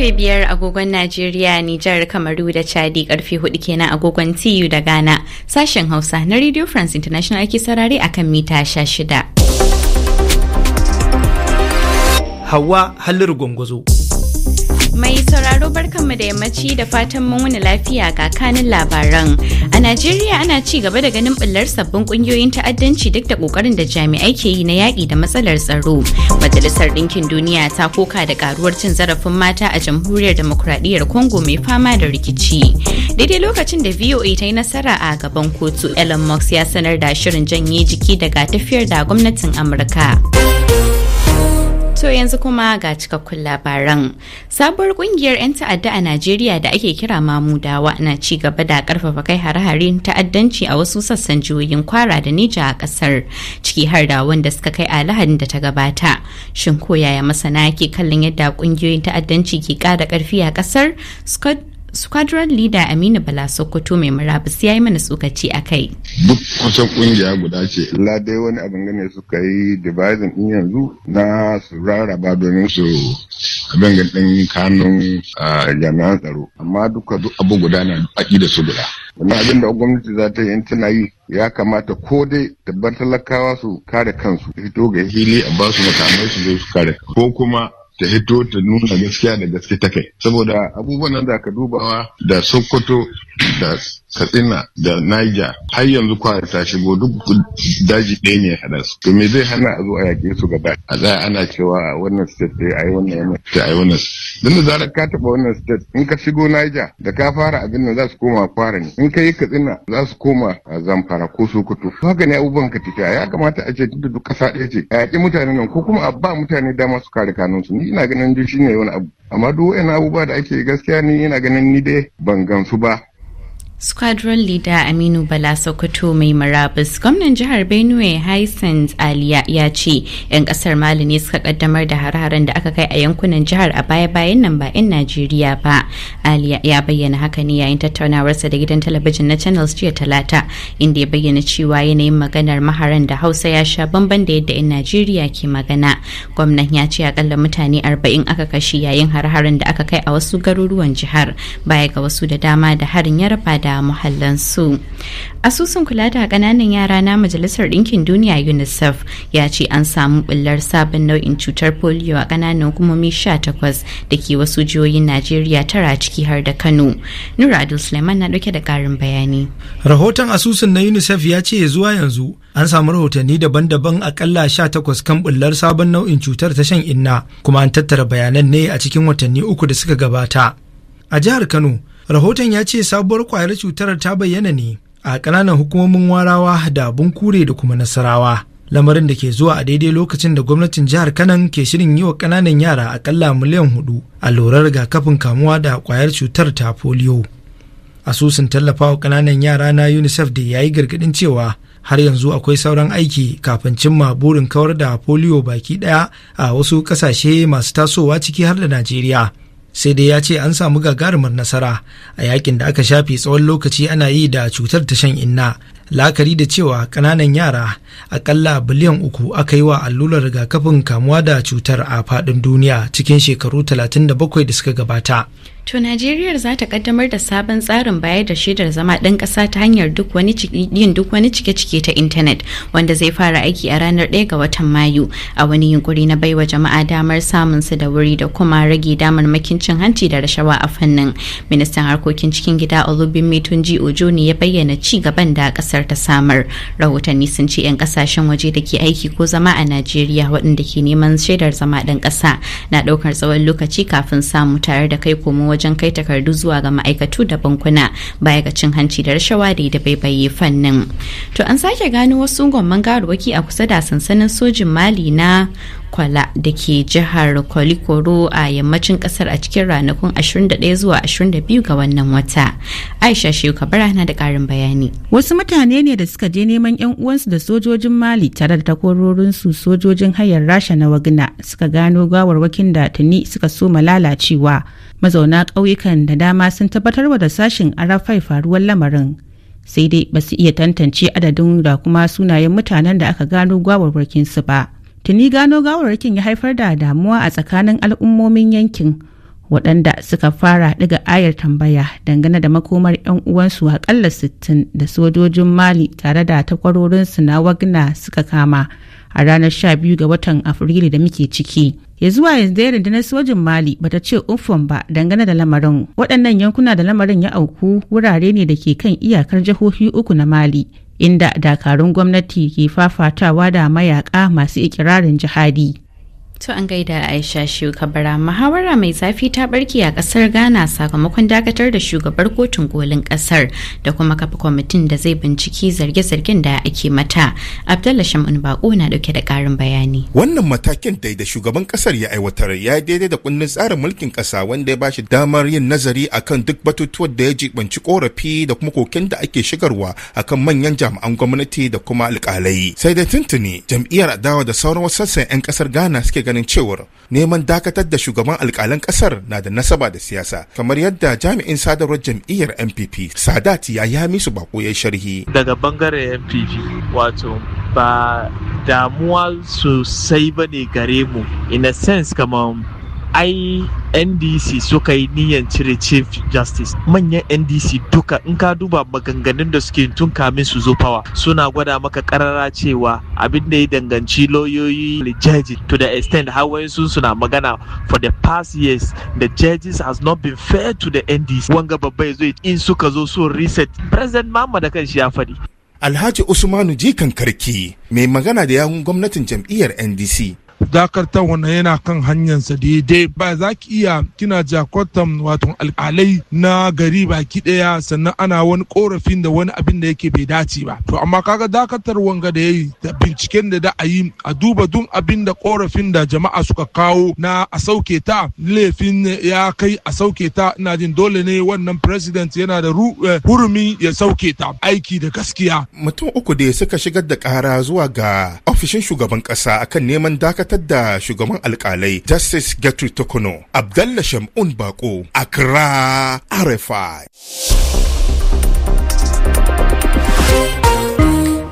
karfe biyar agogon Najeriya, Nijar, Kamaru da Chadi karfe hudu kenan agogon TU da Ghana. Sashen Hausa na Radio France International ake sarari akan mita sha shida. Hawa Halliru Gwangwazo. Mai sauraro barkanmu da yammaci da fatan mun wani lafiya ga kanin labaran. A Najeriya ana ci gaba da ganin bullar sabbin kungiyoyin ta'addanci duk da kokarin da jami'ai ke yi na yaƙi da matsalar tsaro. Majalisar Ɗinkin Duniya ta koka da karuwar cin zarafin mata a Jamhuriyar Demokradiyyar Congo mai fama da rikici. Daidai lokacin da VOA ta yi nasara a gaban kotu, Elon Musk ya sanar da shirin janye jiki daga tafiyar da gwamnatin Amurka. To yanzu kuma ga cikakkun labaran. Sabuwar kungiyar 'yan ta'adda a Najeriya da ake kira Mamudawa na ci gaba da karfafa kai hare-hare ta'addanci a wasu sassan jihohin kwara da Nija a kasar, ciki har da wanda suka kai a lahadin da ta gabata. Shin ko yaya masana ke kallon yadda kungiyoyin ta'addanci ke kara karfi a kasar? Scott squadron leader aminu bala sokoto mai murabus ya yi mana tsokaci a kai duk kusan kungiya guda ce illa dai wani abin gane suka yi devising din yanzu na su rarraba domin su abin ga din kanun jami'an tsaro amma duka duk abu guda na aki da su guda Wani abin da gwamnati za ta yi in tana yi ya kamata ko dai tabbatar talakawa su kare kansu fito ga hili a ba su makamai su zo su kare ko kuma ta hito ta nuna gaskiya da gaske ta kai saboda abubuwan da aka dubawa da sokoto da katsina da niger har yanzu kwara ta shigo duk daji ɗaya ne ya su to me zai hana a zo a yaƙe su gaba a tsaya ana cewa wannan state yi a yi wannan yana ta yi wannan don da zarar ka taɓa wannan state in ka shigo niger da ka fara abin nan za su koma kwara ne in ka yi katsina za su koma a zamfara ko sokoto To haka ne abubuwan ka tafiya ya kamata a ce tunda duk ƙasa ɗaya ce a yaƙi mutanen nan ko kuma a ba mutane dama su kare kanunsu ni ina ganin duk shine wani abu amma duk wa'annan abubuwa da ake gaskiya ni ina ganin ni dai ban gamsu ba Squadron leader Aminu Bala Sokoto mai marabus gwamnan jihar Benue Hyacinth Aliya ya ce 'yan kasar Mali ne suka kaddamar da hararen da aka kai a yankunan jihar a baya-bayan nan ba 'yan Najeriya ba. Aliya ya bayyana haka ne yayin tattaunawarsa da gidan talabijin na Channels jiya Talata inda ya bayyana cewa yanayin maganar maharan da Hausa ya sha bamban da yadda 'yan Najeriya ke magana. Gwamnan ya ce akalla mutane arba'in aka kashe yayin har-haren da aka kai a wasu garuruwan jihar baya ga wasu da dama da harin ya raba da da muhallansu. Asusun kula da ƙananan yara na Majalisar Ɗinkin Duniya UNICEF ya ce an samu bullar sabon nau'in cutar polio a ƙananan hukumomi 18 da ke wasu jihohin Najeriya tara ciki har da Kano. Nura Adil Suleiman na dauke da ƙarin bayani. Rahoton asusun na UNICEF ya ce zuwa yanzu an samu rahotanni daban-daban akalla 18 kan bullar sabon nau'in cutar ta shan inna kuma an tattara bayanan ne a cikin watanni uku da suka gabata. A jihar Kano, rahoton ya ce sabuwar kwayar cutar ta bayyana ne a ƙananan hukumomin warawa da bunkure da kuma nasarawa lamarin da ke zuwa a daidai lokacin da gwamnatin jihar kanan ke shirin yi wa ƙananan yara akalla miliyan hudu a ga rigakafin kamuwa da kwayar cutar ta polio asusun tallafa wa ƙananan yara na unicef da ya yi gargaɗin cewa har yanzu akwai sauran aiki kafin cimma burin kawar da polio baki ɗaya a wasu ƙasashe masu tasowa ciki har da najeriya sai dai ya ce an samu gagarumar nasara a yakin da aka shafi tsawon lokaci ana yi da cutar ta shan inna la'akari da cewa kananan yara akalla biliyan uku aka yi wa allurar rigakafin kamuwa da cutar a fadin duniya cikin shekaru 37 da suka gabata. To Najeriya za ta kaddamar da sabon tsarin bayar da shaidar zama ɗan ƙasa ta hanyar duk wani yin duk wani cike-cike ta intanet wanda zai fara aiki a ranar 1 ga watan Mayu a wani yunkuri na baiwa jama'a damar samun su da wuri da kuma rage damar makincin hanci da rashawa a fannin. Ministan harkokin cikin gida Olubimi Tunji Ojo ne ya bayyana ci gaban da ƙasar kasar ta samar rahotanni sun ce 'yan kasashen waje da ke aiki ko zama a najeriya waɗanda ke neman shaidar zama ɗan ƙasa na ɗaukar tsawon lokaci kafin samu tare da kai komo wajen kai takardu zuwa ga ma'aikatu da bankuna baya ga cin hanci da rashawa da da baibaye fannin to an sake gano wasu gwamman garuwaki a kusa da sansanin sojin mali na kwala da ke jihar kolikoro a yammacin kasar a cikin ranakun 21 zuwa 22 ga wannan wata aisha shehu kabara na da karin bayani wasu mutane ne da suka je neman yan uwansu da sojojin mali tare da takwarorinsu sojojin hayar rasha na Wagina suka gano wakin da tuni suka soma lalacewa mazauna ƙauyukan da dama sun wa da sashin arafai faruwar lamarin sai dai ba su iya tantance adadin da kuma sunayen mutanen da aka gano gwawar su ba tuni gano rikin ya haifar da damuwa a tsakanin al'ummomin yankin waɗanda suka fara ɗiga ayar tambaya dangane da makomar 'yan uwansu aƙalla sittin da sojojin mali tare da takwarorinsu na wagna suka kama a ranar 12 ga watan afrilu da muke ciki ya zuwa yanzu ya rundunar sojin mali bata ce ufan ba dangane da lamarin waɗannan yankuna da lamarin ya auku wurare ne da ke kan iyakar jihohi uku na mali inda dakarun gwamnati ke fafatawa da mayaka masu ikirarin jihadi To an gaida Aisha Kabara muhawara mai zafi ta barki a kasar Ghana sakamakon dakatar da shugabar kotun kolin kasar da kuma kafa kwamitin da zai binciki zarge-zargen da ake mata. Abdullahi Shamun Bako na dauke da karin bayani. Wannan matakin dai da shugaban kasar ya aiwatar ya daidai da kundin tsarin mulkin kasa wanda ya ba shi damar yin nazari akan duk batutuwan da ya jibanci korafi da kuma koken da ake shigarwa akan manyan jami'an gwamnati da kuma alkalai. Sai dai tuntuni jam'iyyar adawa da sauran wasu sassan 'yan kasar Ghana suke ganin cewar neman dakatar da shugaban alkalan kasar na da nasaba da siyasa kamar yadda jami'in sadarwar jam'iyyar npp sadat ya yi su bako ya sharhi daga bangare npp wato ba damuwa sosai ba ne gare mu in a sense kamar ai ndc suka yi niyan cire chief justice manyan ndc duka in ka duba maganganun da suke tun kamin su zo fawa suna gwada maka karara cewa abin da ya danganci lauyoyi judges to the extent har sun suna magana for the past years the judges has not been fair to the ndc wanga babba ya zo in suka zo so reset president mama da kan shi ya faɗi Alhaji Usmanu Jikan Karki mai magana da yawun gwamnatin jam'iyyar NDC dakatar wannan yana kan hanyarsa daidai ba za ki iya kina jakotan wato alkalai na gari baki daya sannan ana wani korafin da wani abin da yake bai dace ba to amma kaga dakatar wanga da yayi da binciken da da a a duba duk abin da korafin da jama'a suka kawo na a sauke ta laifin ya kai a sauke ta ina jin dole ne wannan president yana da eh, hurumi ya sauke ta aiki da gaskiya mutum uku da suka shigar da kara zuwa ga ofishin shugaban kasa akan neman dakatar dakatar da shugaban alkalai Justice Gertrude Tokono, Abdallah Shamun Bako, Accra, RFI.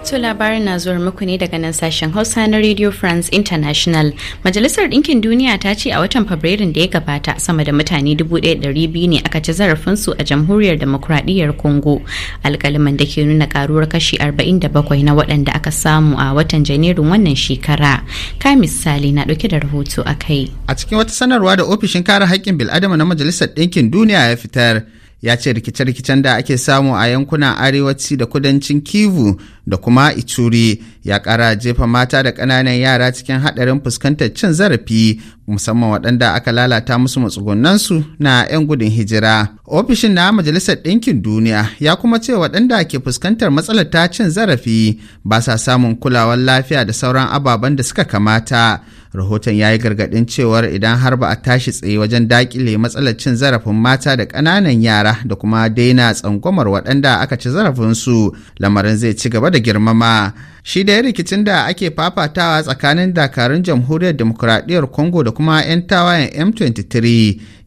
To labarin na zuwar muku ne daga nan sashen Hausa na Radio France International. Majalisar Ɗinkin Duniya ta ce a watan Fabrairun da ya gabata sama da mutane 1,200 ne aka ci zarafinsu a Jamhuriyar Demokuraɗiyyar Congo. Alƙaliman da ke nuna karuwar kashi 47 na waɗanda aka samu a watan Janairun wannan shekara. Ka misali na ɗauke da rahoto a kai. A cikin wata sanarwa da ofishin kare haƙƙin bil'adama na Majalisar Ɗinkin Duniya ya fitar, ya ce rikice-rikicen da ake samu a yankunan arewaci da kudancin kivu da kuma ituri ya kara jefa mata da ƙananan yara cikin haɗarin fuskantar cin zarafi musamman waɗanda aka lalata musu matsugunansu na 'yan gudun hijira. Ofishin na Majalisar Ɗinkin Duniya ya kuma ce waɗanda ke fuskantar matsalar ta cin zarafi ba sa samun kulawar lafiya da sauran ababen da suka kamata. Rahoton ya yi gargaɗin cewar idan har ba a tashi tsaye wajen daƙile matsalar cin zarafin mata da ƙananan yara da kuma daina tsangwamar waɗanda aka ci zarafinsu lamarin zai ci gaba da girmama. Shi da rikicin da ake fafatawa tsakanin dakarun jamhuriyar demokuraɗiyar Kongo da kuma 'yan tawayen M23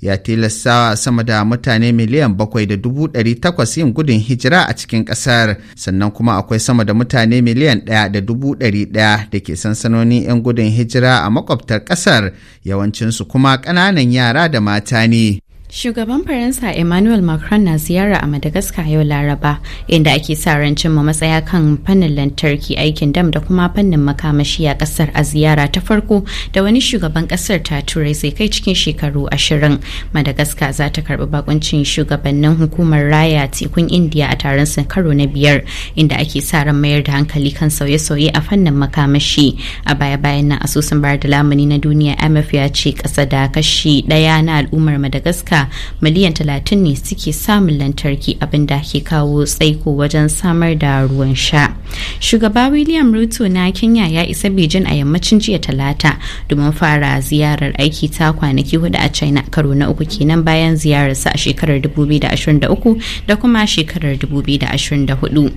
ya tilasta sama da mutane miliyan bakwai da dubu takwas yin gudun hijira a cikin ƙasar sannan kuma akwai sama da mutane miliyan ɗaya da dubu ɗari ɗaya da ke sansanonin 'yan gudun hijira a makwabtar ƙasar yawancinsu kuma ƙananan yara da mata ne. Shugaban Faransa Emmanuel Macron na ziyara a Madagascar yau Laraba, inda ake sa ran cimma matsaya kan fannin lantarki aikin dam da kuma fannin makamashi a kasar a ziyara ta farko da wani shugaban kasar ta turai zai kai cikin shekaru ashirin. Madagascar za ta karbi bakuncin shugabannin hukumar raya tekun Indiya a taron sun karo na biyar, inda ake sa ran mayar da hankali kan sauye-sauye a fannin makamashi. A baya-bayan nan asusun bayar da lamuni na duniya MF ya ce kasa da kashi ɗaya na al'ummar Madagascar miliyan 30 ne suke samun lantarki abinda ke kawo tsaiko wajen samar da ruwan sha shugaba william ruto na kenya ya isa beijing a yammacin jiya talata domin fara ziyarar aiki ta kwanaki hudu a china karo na uku kenan bayan ziyararsa a shekarar 2023 da kuma shekarar 2024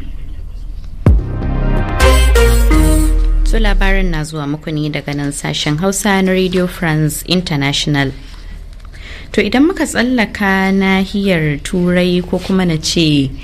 labarin na zuwa muku ne daga nan sashen Hausa na Radio France International. to idan muka tsallaka nahiyar turai ko kuma na ce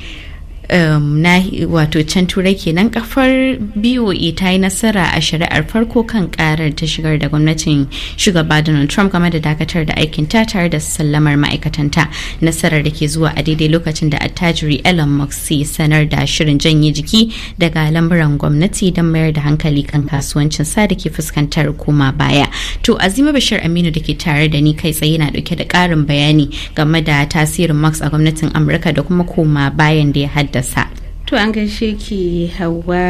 Um, na wato can turai kenan kafar BOE ta yi nasara a shari'ar farko kan karar ta shigar da gwamnatin shugaba Donald Trump game da dakatar da aikin ta tare da sallamar ma'aikatanta nasarar da ke zuwa a daidai lokacin da attajiri Elon Musk sanar da shirin janye jiki daga lamuran gwamnati don mayar da hankali kan kasuwancin sa da ke fuskantar koma baya. To Azima Bashir Aminu da ke tare da ni kai tsaye na dauke da karin bayani game da tasirin Musk a gwamnatin Amurka da kuma koma bayan da ya haddasa haddasa to an gaishe ki hawa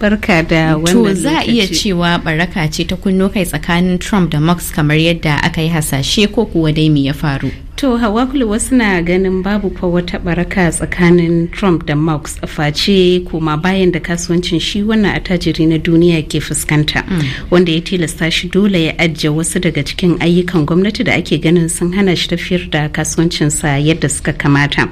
barka da wannan to za a iya cewa baraka ce ta kunno kai tsakanin trump da musk kamar yadda aka yi hasashe ko kuwa dai me ya faru To hawakulu wasu na ganin babu fa wata baraka tsakanin Trump da Marx face kuma bayan da kasuwancin shi wannan attajiri na duniya ke fuskanta mm. wanda ya tilasta shi dole ya ajiye wasu daga cikin ayyukan gwamnati da ake ganin sun hana shi tafiyar da kasuwancinsa yadda suka kamata.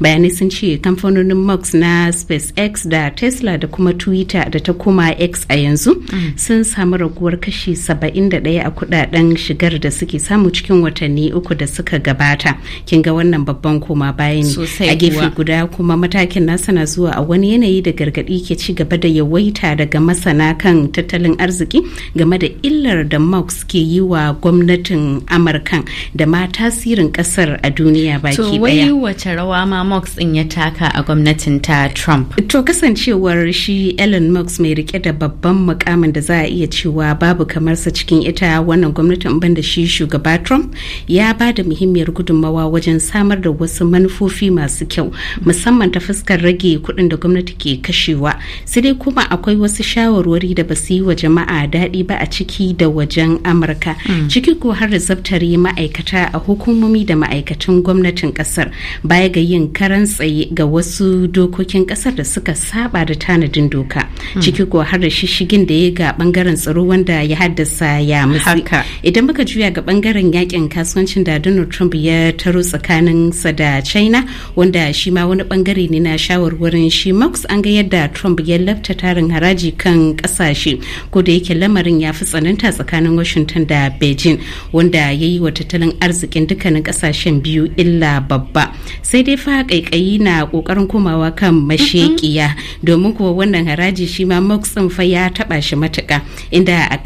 Bayanai sun ce kamfanonin Marx na SpaceX da Tesla da kuma Twitter da ta koma X a yanzu mm. sun samu raguwar kashi saba'in da 71 a kudaden shigar da suke samu cikin watanni uku da suka gabata. bukata kin ga wannan babban koma bayan ne a gefe guda kuma matakin nasa na zuwa a wani yanayi da gargadi ke ci gaba da yawaita daga masana kan tattalin arziki game da illar da Marx ke yi wa gwamnatin Amurkan da ma tasirin kasar a duniya baki daya. To wai wace rawa ma Marx din ya taka a gwamnatin ta Trump? To kasancewar shi Elon Musk mai rike da babban mukamin da za a iya cewa babu kamar sa cikin ita wannan gwamnatin banda shi shugaba Trump ya ba da muhimmiyar gudunmawa wajen samar da wasu manufofi masu kyau musamman ta fuskar rage kuɗin da gwamnati ke kashewa sai dai kuma akwai wasu shawarwari da ba su yi wa jama'a daɗi ba a ciki da wajen amurka mm. ciki ko har da zabtare ma'aikata a hukumomi da ma'aikatan gwamnatin ƙasar baya ga yin karan tsaye ga wasu dokokin ƙasar da suka saba da tanadin doka mm. ciki ko har da shishigin da ya ga bangaren tsaro wanda ya haddasa ya musu idan muka juya ga bangaren yakin kasuwancin da donald trump ya ya taro tsakanin sa da china wanda shi ma wani bangare ne na shawarwarin shi max an ga yadda trump ya lafta tarin haraji kan kasashe ko da yake lamarin ya fi tsananta tsakanin washington da beijing wanda ya yi wa tattalin arzikin dukkanin kasashen biyu illa babba sai dai fa kaikayi na kokarin komawa kan mashekiya domin kuwa wannan haraji shi ma max fa ya taba shi matuka inda a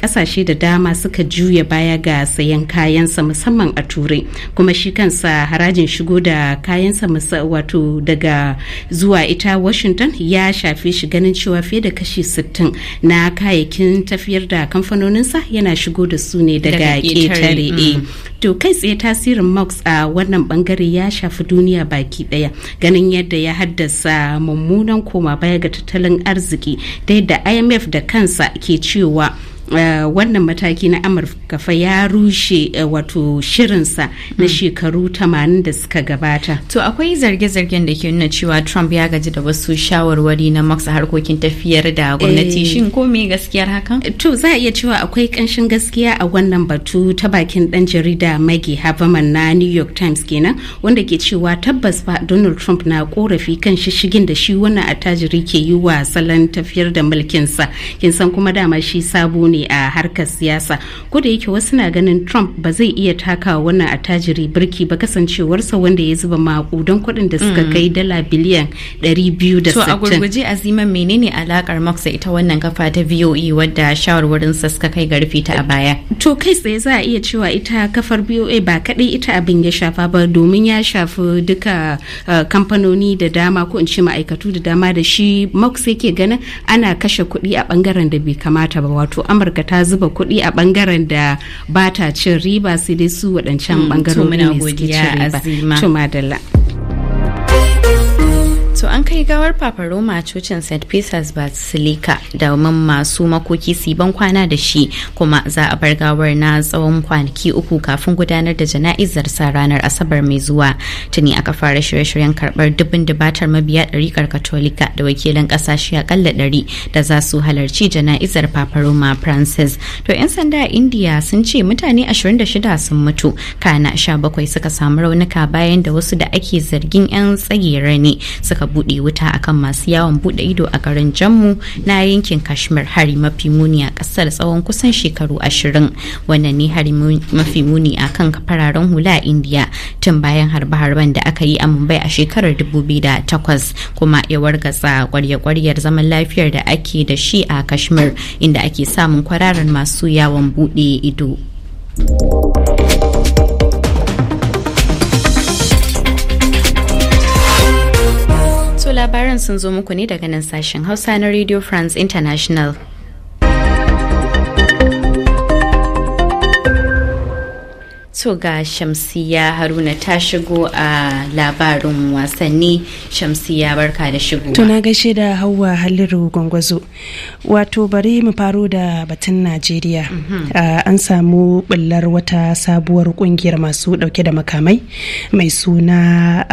kasashe da dama suka juya baya ga sayan kayansa musamman a turai kuma shi kansa harajin shigo da kayansa wato daga zuwa ita washington ya shafe shi ganin cewa fiye da kashi 60 na kayayyakin tafiyar da kamfanoninsa yana shigo da su ne daga ƙetare mm. eh. to kai tsaye tasirin mox a wannan bangare ya shafi duniya baki daya ganin yadda ya haddasa mummunan koma baya ga tattalin arziki da yadda imf da kansa ke cewa Eh, wannan mataki na amurka fa ya rushe eh, wato shirinsa na hmm. shekaru tamanin da suka gabata to akwai zarge-zargen da ke nuna cewa trump ya gaji da wasu shawarwari na maksa harkokin tafiyar da gwamnati eh. shin ko me gaskiyar hakan to za a iya cewa akwai kanshin gaskiya a wannan batu ta bakin dan jarida maggie haberman na new york times kenan wanda ke cewa tabbas ba donald trump na korafi kan shishigin da shi wannan attajiri ke yi wa salon tafiyar da mulkinsa kin san kuma dama shi sabo ne a harkar siyasa ko da yake wasu na ganin trump ba zai iya takawa wannan attajiri birki ba kasancewarsa wanda ya zuba makudan kuɗin da suka mm. kai dala biliyan 260 to a gurguje aziman menene alakar max ita wannan kafa ta voe wadda shawarwarin sa suka kai ga rufe ta a baya to kai tsaye za a iya cewa ita kafar voa e ba kaɗai ita abin ya shafa ba domin ya shafi duka eh, kamfanoni da dama ko in ce ma'aikatu da dama da shi max yake ganin ana kashe kuɗi a bangaren da bai kamata ba wato amma. amurka ta zuba kuɗi a ɓangaren da ba ta cin riba sai dai su waɗancan bangarorin mm, ne suke cin riba an kai gawar Papa Roma cocin St. Peter's Basilica da masu makoki siban kwana da shi kuma za a bar gawar na tsawon kwanaki uku kafin gudanar da jana'izar sa ranar Asabar mai zuwa. Tuni aka fara shirye-shiryen karɓar dubin dubatar mabiya ɗarikar Katolika da wakilan ƙasashe aƙalla ɗari da za su halarci jana'izar Papa Roma Francis. To 'yan sanda a India sun ce mutane 26 sun mutu kana 17 suka samu raunuka bayan da wasu da ake zargin 'yan tsagera ne suka buɗe bude wuta akan masu yawon buɗe ido a garin Jammu na yankin Kashmir hari mafi muni a ƙasar tsawon kusan shekaru ashirin wannan ne hari mafi muni a kan fararen hula a indiya tun bayan harbe-harben da aka yi a Mumbai a shekarar 2008 kuma yawar gatsa kwarya-kwaryar zaman lafiyar da ake da shi a Kashmir inda ake samun kwararan masu yawon buɗe ido. labaran sun zo muku ne daga nan sashen Hausa na Radio France International. To ga Shamsiya Haruna ta shigo a labarin wasanni Shamsiya barka da shigo. To na gaishe da Hauwa Halliru Gwangwazo. Wato bari mu faro da batun Najeriya. Mhm. An samu bullar wata sabuwar kungiyar masu dauke da makamai mai suna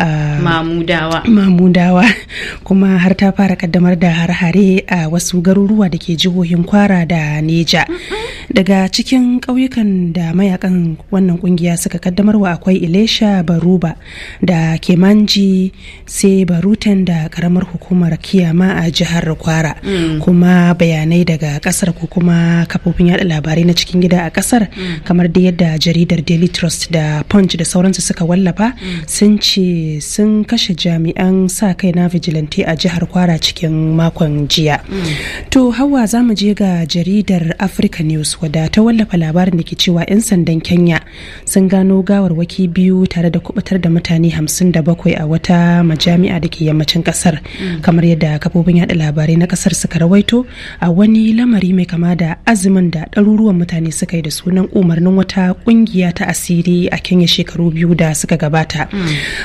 Mamudawa. kuma har ta fara kaddamar da har-hare a wasu garuruwa da ke jihohin Kwara da Neja. Mhm. daga cikin ƙauyukan da mayakan wannan kungiya suka kaddamarwa akwai ilesha baruba da kemanji sai barutan da karamar hukumar kiyama a jihar kwara mm. kuma bayanai daga kasar ko kuma kafofin yada labarai na cikin gida a kasar mm. kamar da yadda jaridar daily trust da punch da sauransu suka wallafa mm. sun ce sun kashe jami'an sa kai na vigilante a jihar kwara cikin makon jiya to hawa za mu je ga jaridar africa news wadda ta wallafa labarin da ke cewa 'yan sandan kenya sun gano gawarwaki biyu tare da kubutar da mutane 57 a wata majami'a da ke yammacin kasar kamar yadda kafofin yada labarai na kasar suka rawaito a wani lamari mai kama da azumin da ɗaruruwan mutane suka yi da sunan umarnin wata kungiya ta asiri a kenya shekaru biyu da suka gabata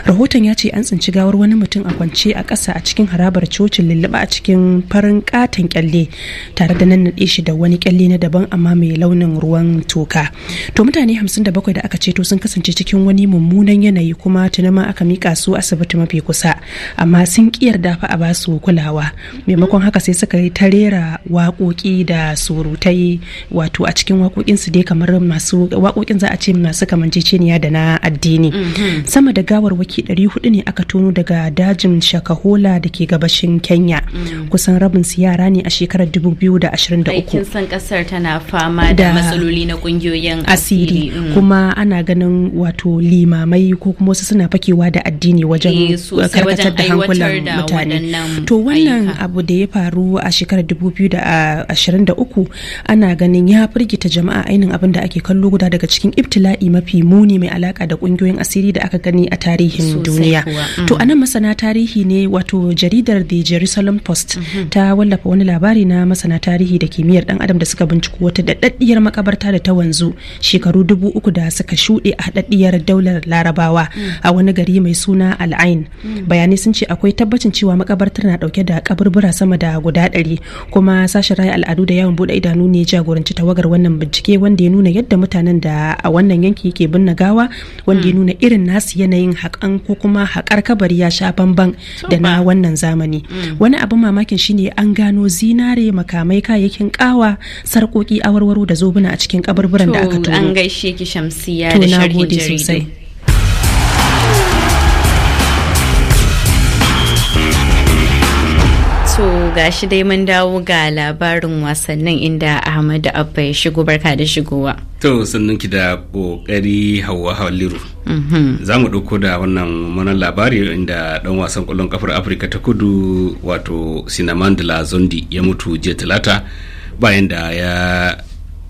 rahoton ya ce an tsinci gawar wani mutum a kwance a ƙasa a cikin harabar cocin lulluɓa a cikin farin katon kyalle tare da nan shi da wani kyalle na daban amma mai mai launin ruwan toka to mutane 57 da aka ceto sun kasance cikin wani mummunan yanayi kuma tuni ma aka mika su asibiti mafi kusa amma sun kiyar dafa a basu kulawa maimakon haka sai suka yi tarera waƙoƙi da surutai wato a cikin waƙoƙin su dai kamar masu waƙoƙin za a ce masu kamanceceniya da na addini mm-hmm. sama da gawarwaki 400 ne aka tono daga dajin shakahola da ke gabashin kenya mm. kusan rabin su yara ne a shekarar 2023 aikin san kasar tana fama fama da matsaloli na kungiyoyin asiri mm. kuma ana ganin wato limamai ko kuma wasu suna fakewa da addini wajen eh, karkatar da hankulan mutane to wannan abu da ya faru a shekarar 2023 ah, ana ganin ya firgita jama'a ainihin abin da ake kallo guda daga cikin ibtila'i mafi muni mai alaka da kungiyoyin asiri da aka gani a tarihin duniya to to mm. anan masana tarihi ne wato jaridar the jerusalem post mm-hmm. ta wallafa wani labari na masana tarihi da kimiyyar dan adam da suka binciko wata da haɗaɗɗiyar makabarta da ta wanzu shekaru dubu uku da suka shuɗe a haɗaɗɗiyar daular larabawa a wani gari mai suna al'ain mm. bayanai sun ce akwai tabbacin cewa makabartar na ɗauke da kaburbura sama da guda ɗari kuma sashen raya al'adu da yawon buɗe idanu ne jagoranci tawagar wannan bincike wanda ya nuna yadda mutanen da a wannan yanki ke binne gawa wanda ya mm. nuna irin nasu yanayin haƙan ko kuma haƙar kabari ya sha bamban da na wannan zamani mm. wani abin mamakin shine an gano zinare makamai kayayyakin ƙawa sarƙoƙi awarwar da zobuna a cikin kaburburan da aka tono. an gaishe ki shamsiya da gashi dai mun dawo ga labarin wasannin inda Ahmadu Abba ya shigo barka da shigowa. To sannan ki da kokari Hauwa Haliru. Mhm. Za mu ɗauko da wannan manan labari inda ɗan wasan ƙwallon kafar Afirka ta kudu wato Sinamandala Zondi ya mutu jiya talata bayan da ya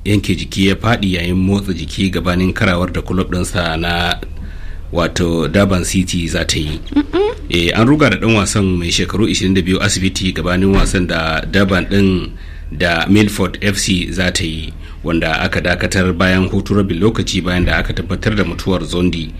yanke jiki ya faɗi yayin motsa jiki gabanin karawar da kulob ɗinsa na wato Durban City za ta yi. eh an ruga da ɗan wasan mai shekaru 22 asibiti gabanin wasan da daban ɗin da Milford FC za ta yi wanda aka dakatar bayan hutu rabin lokaci bayan da aka tabbatar da mutuwar Zondi.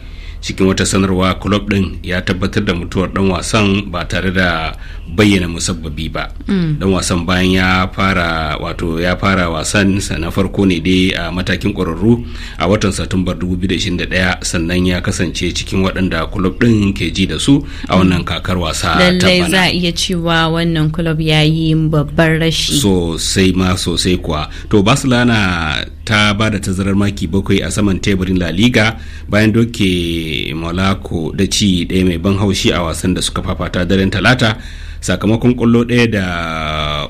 cikin wata sanarwa club din ya tabbatar da mutuwar dan wasan ba tare da bayyana musabbabi ba mm. dan wasan bayan ya fara wato ya fara wasan na farko ne dai a matakin ƙwararru a watan satumbar 2021 sannan ya kasance cikin waɗanda club din ke ji da su a wannan kakar wasa ta bana za iya cewa wannan club ya yi babban rashi sosai ma sosai kuwa to barcelona ta ba da tazarar maki bakwai a saman teburin la liga bayan doke malako da ci ɗaya mai ban haushi a wasan da suka fafata daren talata sakamakon kwallo ɗaya da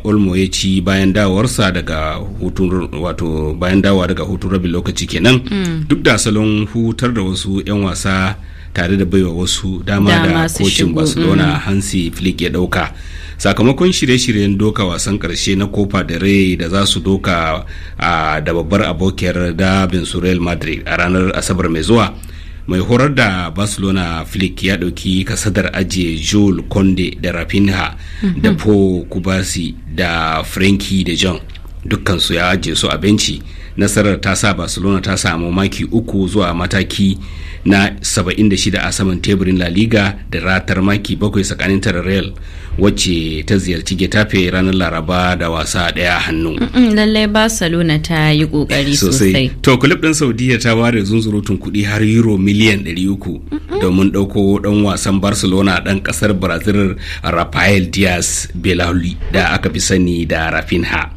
olmo ya ci bayan dawarsa daga hutun wato bayan dawa daga hutun rabin lokaci kenan mm. duk da salon hutar da wasu 'yan wasa tare da baiwa wasu dama da kocin barcelona mm. hansi flick ya dauka sakamakon shirye-shiryen doka wasan karshe na copa da rey da za su doka da babbar abokiyar da su real madrid a ranar asabar mai zuwa mai horar da barcelona flick ya ɗauki kasadar ajiye joel conde da rafinha mhm. da paul kubasi da frankie de jong dukkansu ya ajiye su a benci nasarar ta sa barcelona ta samu maki uku zuwa mataki na 76 a saman teburin la liga da ratar maki bakwai tsakanin da real wacce ta ziyarci getafe ranar laraba da wasa daya hannu lallai barcelona ta yi kokari sosai to kulub din saudiya ta ware zunzurutun kudi har euro miliyan 300 domin dauko dan wasan barcelona dan kasar brazil rafael diaz belauli da aka fi sani da rafinha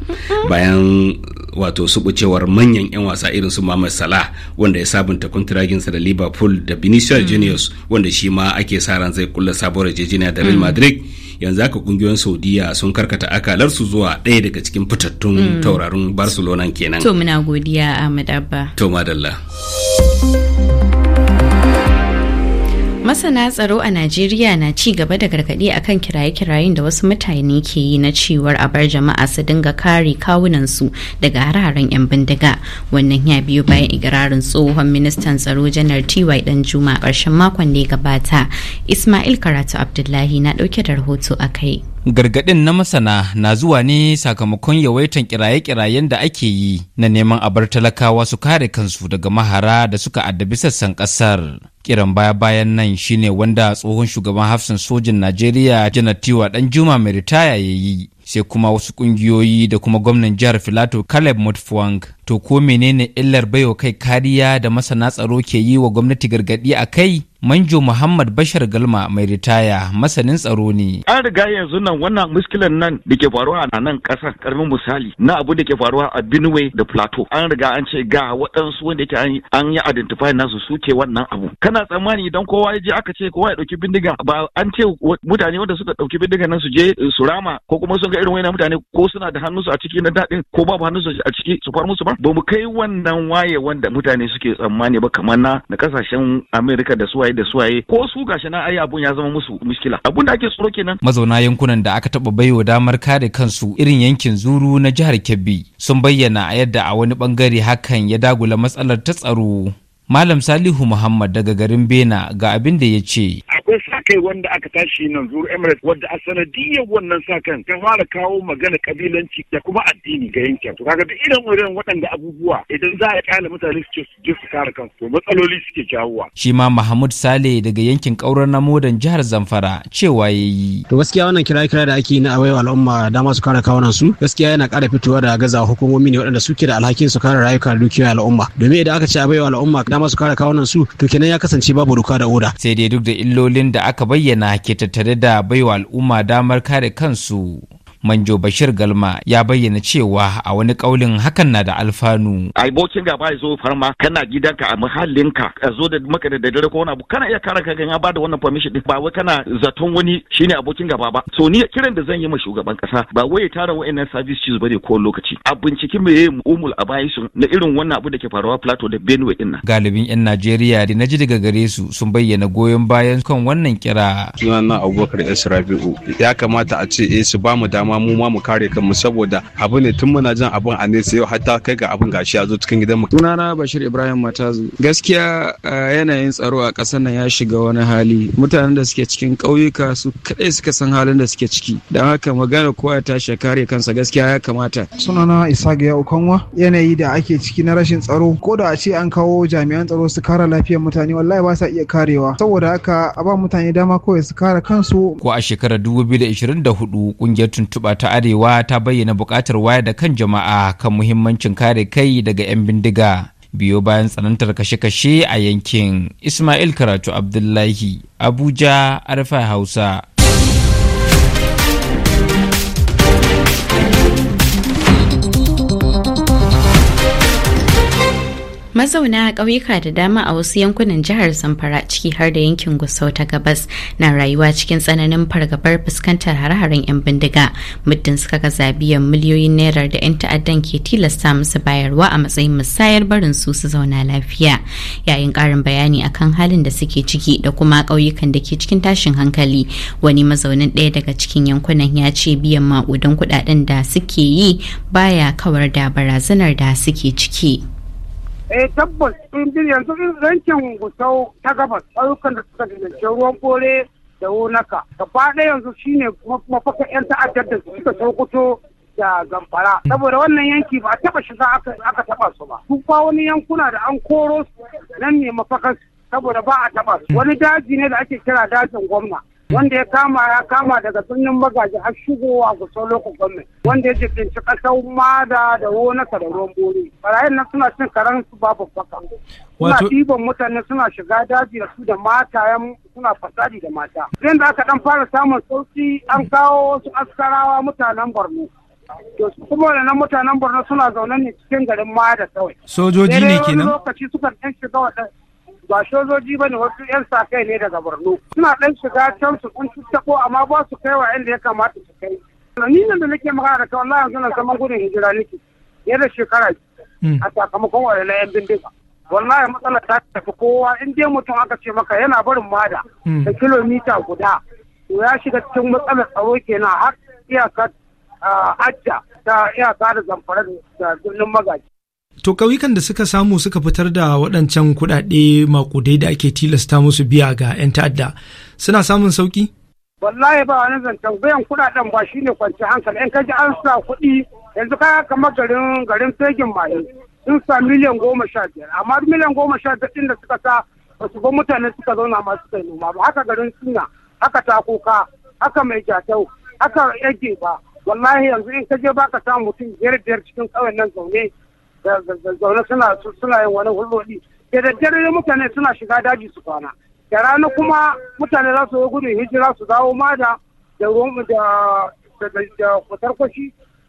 bayan wato subucewar manyan 'yan wasa irin su Mohamed Salah wanda ya sabunta sa da Liverpool da Vinicius hmm. Juniors wanda shi ma ake sa ran zai kulla sabuwar yarjejeniya da Real hmm. Madrid yanzu haka kungiyoyin Saudiya sun karkata akalar su zuwa ɗaya daga cikin fitattun hmm. taurarin Barcelona kenan. To muna godiya Ahmad Abba. To madalla. Masana tsaro a Najeriya na ci gaba da gargaɗi akan kiraye-kirayen da wasu mutane ke yi na cewar a bar jama'a su dinga kare kawunansu daga hararen 'yan bindiga. Wannan ya biyo bayan ikirarin tsohon ministan tsaro janar TY dan Juma ƙarshen makon da ya gabata. Ismail Karatu Abdullahi na ɗauke da rahoto a kai. Gargaɗin na masana na zuwa ne sakamakon yawaitan kiraye-kirayen da ake yi na neman abar talakawa su kare kansu daga mahara da suka addabi sassan ƙasar. Kiran baya-bayan nan shine wanda tsohon shugaban hafsan sojin Najeriya Janar Tiwa juma mai ritaya ya yi. Sai kuma wasu ƙungiyoyi da kuma gwamnan jihar Filato Caleb mutfuang To ko menene illar baiwa kai kariya da masana tsaro ke yi wa gwamnati gargaɗi a kai? Manjo Muhammad Bashar Galma mai ritaya masanin tsaro ne. An riga yanzu nan wannan muskilan nan da ke faruwa a nan ƙasar karamin misali na abu da ke faruwa a Benue da Plateau. An riga an ce ga waɗansu wanda yake an yi identify nasu suke wannan abu. Kana tsammani idan kowa ya je aka ce kowa ya ɗauki bindiga ba an ce mutane wanda suka ɗauki bindiga nan su je su rama ko kuma sun ga irin wani mutane ko suna da su a ciki na daɗin ko babu su a ciki su far musu ba. Ba mu kai wannan waye wanda mutane suke tsammani ba kamar na kasashen Amerika da suwaye suwaye da suwaye ko su gashi nan ai abun ya zama musu mushkila abun da ake tsoro kenan mazauna yankunan da aka taba baiwa damar kare kansu irin yankin zuru na jihar Kebbi sun bayyana a yadda a wani bangare hakan ya dagula matsalar ta tsaro Malam Salihu Muhammad daga garin Bena ga abin da ya ce. akwai sa kai wanda aka tashi nan Nanzur Emirates wadda a sanadiyar wannan sa kan ta fara kawo magana kabilanci da kuma addini ga yankin. To kaga da irin irin waɗanda abubuwa idan za a kyale mutane su ce su je su kare kansu to matsaloli suke jawowa. Shi ma Mahmud Sale daga yankin kaurar na Modan jihar Zamfara cewa ya yi. To gaskiya wannan kira-kira da ake yi na awayewa al'umma dama su kare kawunan su gaskiya yana kara fitowa da gazawa hukumomi ne waɗanda suke da alhakin su kare rayuka da dukiyoyin al'umma. Domin idan aka ce awayewa al'umma dama su kare kawunan su to kenan ya kasance babu doka da oda. Sai dai duk da illolin abin da aka bayyana ke tattare da baiwa al'umma damar kare kansu manjo bashir galma ya bayyana cewa a wani kaulin hakan na da alfanu abokin gaba ya zo farma kana gidanka a muhallinka a zo da maka da daddare ko wani abu kana iya kare kanka ya ba da wannan permission din ba wai kana zaton wani shine abokin gaba ba so ni kiran da zan yi ma shugaban kasa ba wai tara wayannan service chiefs bane ko lokaci a binciki me yayin umul abaisun na irin wannan abu da ke faruwa plateau da benue din nan galibin yan najeriya da naji daga gare su sun bayyana goyon bayan kan wannan kira na abubakar isra'ilu ya kamata a ce eh su ba mu dama dama mu ma mu kare kanmu saboda abu ne tun muna jin abun a nesa yau hatta kai ga abun gashi a zo cikin gidanmu. Sunana Bashir Ibrahim Matazu. Gaskiya yanayin tsaro a ƙasar nan ya shiga wani hali. Mutanen da suke cikin ƙauyuka su kaɗai suka san halin da suke ciki. Don haka magana kowa ya tashi kare kansa gaskiya ya kamata. Sunana isa ya kanwa Yanayi da ake ciki na rashin tsaro ko da a ce an kawo jami'an tsaro su kare lafiyar mutane wallahi ba sa iya karewa. Saboda haka a ba mutane dama kawai su kare kansu. Ko a shekarar 2024 kungiyar tuntu tuntuɓa ta arewa ta bayyana buƙatar wayar da kan jama'a kan muhimmancin kare kai daga 'yan bindiga biyo bayan tsanantar kashe-kashe a yankin ismail karatu abdullahi abuja arfa hausa mazauna ƙauyuka da dama a wasu yankunan jihar zamfara ciki har da yankin gusau ta gabas na rayuwa cikin tsananin fargabar fuskantar hare-haren 'yan bindiga muddin suka ga zabiyan miliyoyin naira da 'yan ta'addan ke tilasta musu bayarwa a matsayin musayar barin su su zauna lafiya yayin ƙarin bayani akan halin da suke ciki da kuma ƙauyukan da ke cikin tashin hankali wani mazaunin ɗaya daga cikin yankunan ya ce biyan maƙudan kuɗaɗen da suke yi baya kawar da barazanar da suke ciki. eh tabbas din yanzu rancen gusau ta gabas ayyukan da suka danganci ruwan kore da wunaka gaba ɗaya yanzu shine mafaka yan ta'addar da suka sokoto da gamfara. saboda wannan yanki ba a taba shiga aka taba su ba duk ba wani yankuna da an koro nan ne mafakan saboda ba a taba su wani daji ne da ake kira dajin gwamna Hmm. Wanda ya kama ya kama daga birnin magaji har shigowa ku sau lokacin gwamnati. Hmm. Wanda ya jibinci ƙasar mada da wona da ruwan bori. Barayin nan suna cin karan su babu baka. Suna ɗiban mutane suna shiga daji da su da mata yan suna fasadi da mata. zai da aka ɗan fara samun sauki an kawo wasu askarawa mutanen Borno. kuma wannan mutanen borno suna zaune ne cikin garin mada kawai sojoji ne kenan lokaci suka dan shiga ba sojoji ne wasu yan sa kai ne daga Borno suna ɗan shiga can su kun tattako amma ba su kai wa inda ya kamata su kai ni nan da nake magana da kawai Allah yanzu na saman gudun hijira nake da shekara hmm. a sakamakon na yan bindiga wallahi matsala ta tafi kowa in dai mutum aka ce maka yana barin mada hmm. da kilomita guda to ya shiga cikin matsalar tsaro kenan har iyakar ah, ajja ta iyaka da zamfara da birnin magaji To kauyukan da suka samu suka fitar da waɗancan kuɗaɗe makudai da ake tilasta musu biya ga 'yan ta'adda suna samun sauki? Wallahi ba wani zancen biyan kuɗaɗen ba shi ne kwanci hankali in ka an sa kuɗi yanzu ka kamar garin garin fegin maye sun sa miliyan goma sha biyar amma miliyan goma sha biyar ɗin da suka sa ba su mutane suka zauna ma suka yi noma ba haka garin suna haka takoka haka mai jatau haka yage ba wallahi yanzu in ka je baka samu mutum biyar biyar cikin ƙauyen nan zaune zaune suna suna yin wani hulɗoɗi da daddare mutane suna shiga daji su kwana da rana kuma mutane za su yi gudun hijira su dawo mada da ruwan da da da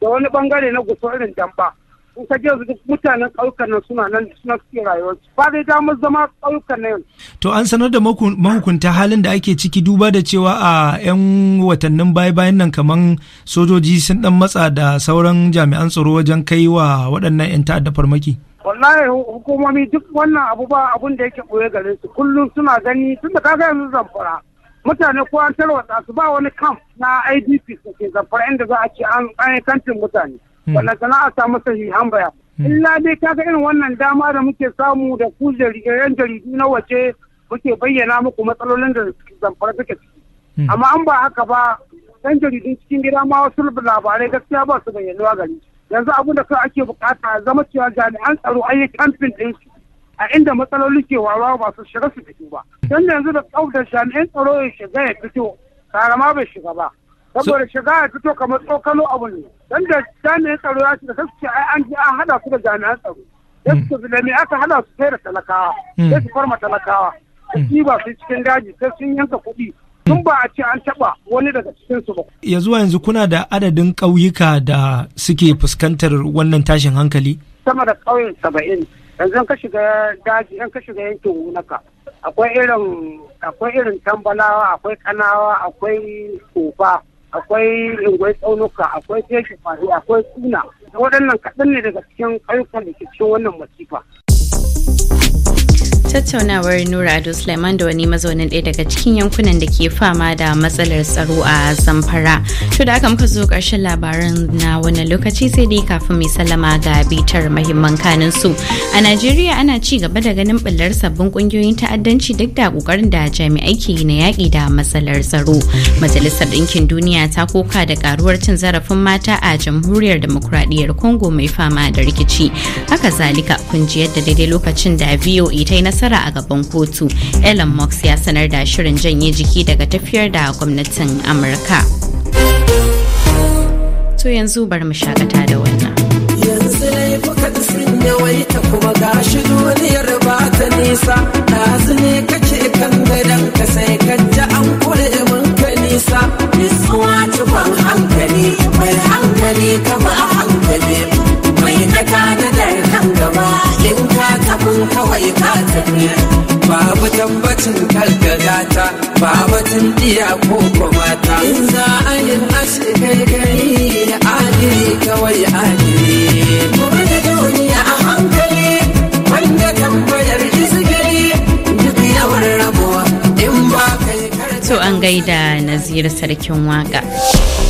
da wani bangare na guso irin damba in ka je mutanen ƙauyukan nan suna nan suna suke rayuwa ba dai damar zama ƙauyukan nan to an sanar da mahukunta halin da ake ciki duba da cewa a 'yan watannin baya bayan nan kaman sojoji sun dan matsa da sauran jami'an tsaro wajen kai wa waɗannan 'yan ta'adda farmaki wallahi hukumomi duk wannan abu ba abun da yake ɓoye garin su kullum suna gani tun da kaga yanzu zamfara mutane ko an tarwatsa su ba wani kamf na idp su ke zamfara inda za a ce an kantin mutane Hmm. wanda sana'a ta masa han baya. Hmm. illa dai ga irin wannan dama da muke samu da ku jarirayen jaridu na waje muke bayyana muku matsalolin da zamfara suke ciki hmm. amma an ba haka ba ɗan jaridun cikin gida ma wasu labarai gaskiya ba su bayyanuwa gari yanzu abin da kawai ake bukata zama cewa jami'an tsaro an yi kamfin ɗin su a inda matsaloli ke wawa ba su shiga su fito ba don yanzu da tsau da jami'an tsaro ya shiga ya fito karama bai shiga ba saboda shiga ya fito kamar tsokano abu ne dan da jami'an tsaro ya shiga sai ai an ji an hada su da jami'an tsaro sai su hmm. da me aka hada su sai da talakawa hmm. sai su farma talakawa sai hmm. ba su cikin daji sai sun yanka kuɗi tun ba a ce an taɓa wani daga su ba. Ya zuwa yanzu kuna da adadin ƙauyuka da suke fuskantar wannan tashin hankali? Sama da ƙauyen saba'in. Yanzu ka shiga daji, an ka shiga yankin wunaka. Akwai irin akwai irin tambalawa, akwai kanawa, akwai kofa, akwai ingwai tsaunuka akwai teshi fari akwai suna waɗannan kaɗan ne daga cikin ayyukan da ke cikin wannan masifa tattaunawar nura ado suleiman da wani mazaunin ɗaya daga cikin yankunan da ke fama da matsalar tsaro a zamfara to da aka muka zo ƙarshen labaran na wani lokaci sai dai kafin mai sallama ga bitar mahimman kanin su a najeriya ana ci gaba da ganin ɓullar sabbin ƙungiyoyin ta'addanci duk da ƙoƙarin da jami'ai ke yi na yaƙi da matsalar tsaro majalisar ɗinkin duniya ta koka da ƙaruwar cin zarafin mata a jamhuriyar demokuraɗiyyar congo mai fama da rikici haka zalika kun ji yadda daidai lokacin da voa e ta yi nasara a gaban kotu elon musk ya sanar da shirin janye jiki daga tafiyar da gwamnatin amurka to yanzu bari mu shakata da wannan yanzu laifukan sun yawaita kuma gashi duniyar ba ta nisa ɗazu ne kake kan gadon ka sai kan ji an kure min ka nisa nisuwa cikon hankali mai hankali kama hankali yanzu kawai ka tafi babu tabbacin karkagata ba tun iya ko mata in za a yi ashe kai kai adiri kawai adiri kuma da duniya a hankali wanda bayar izgari duk yawan rabuwa in ba kai to an gaida nazir sarkin waka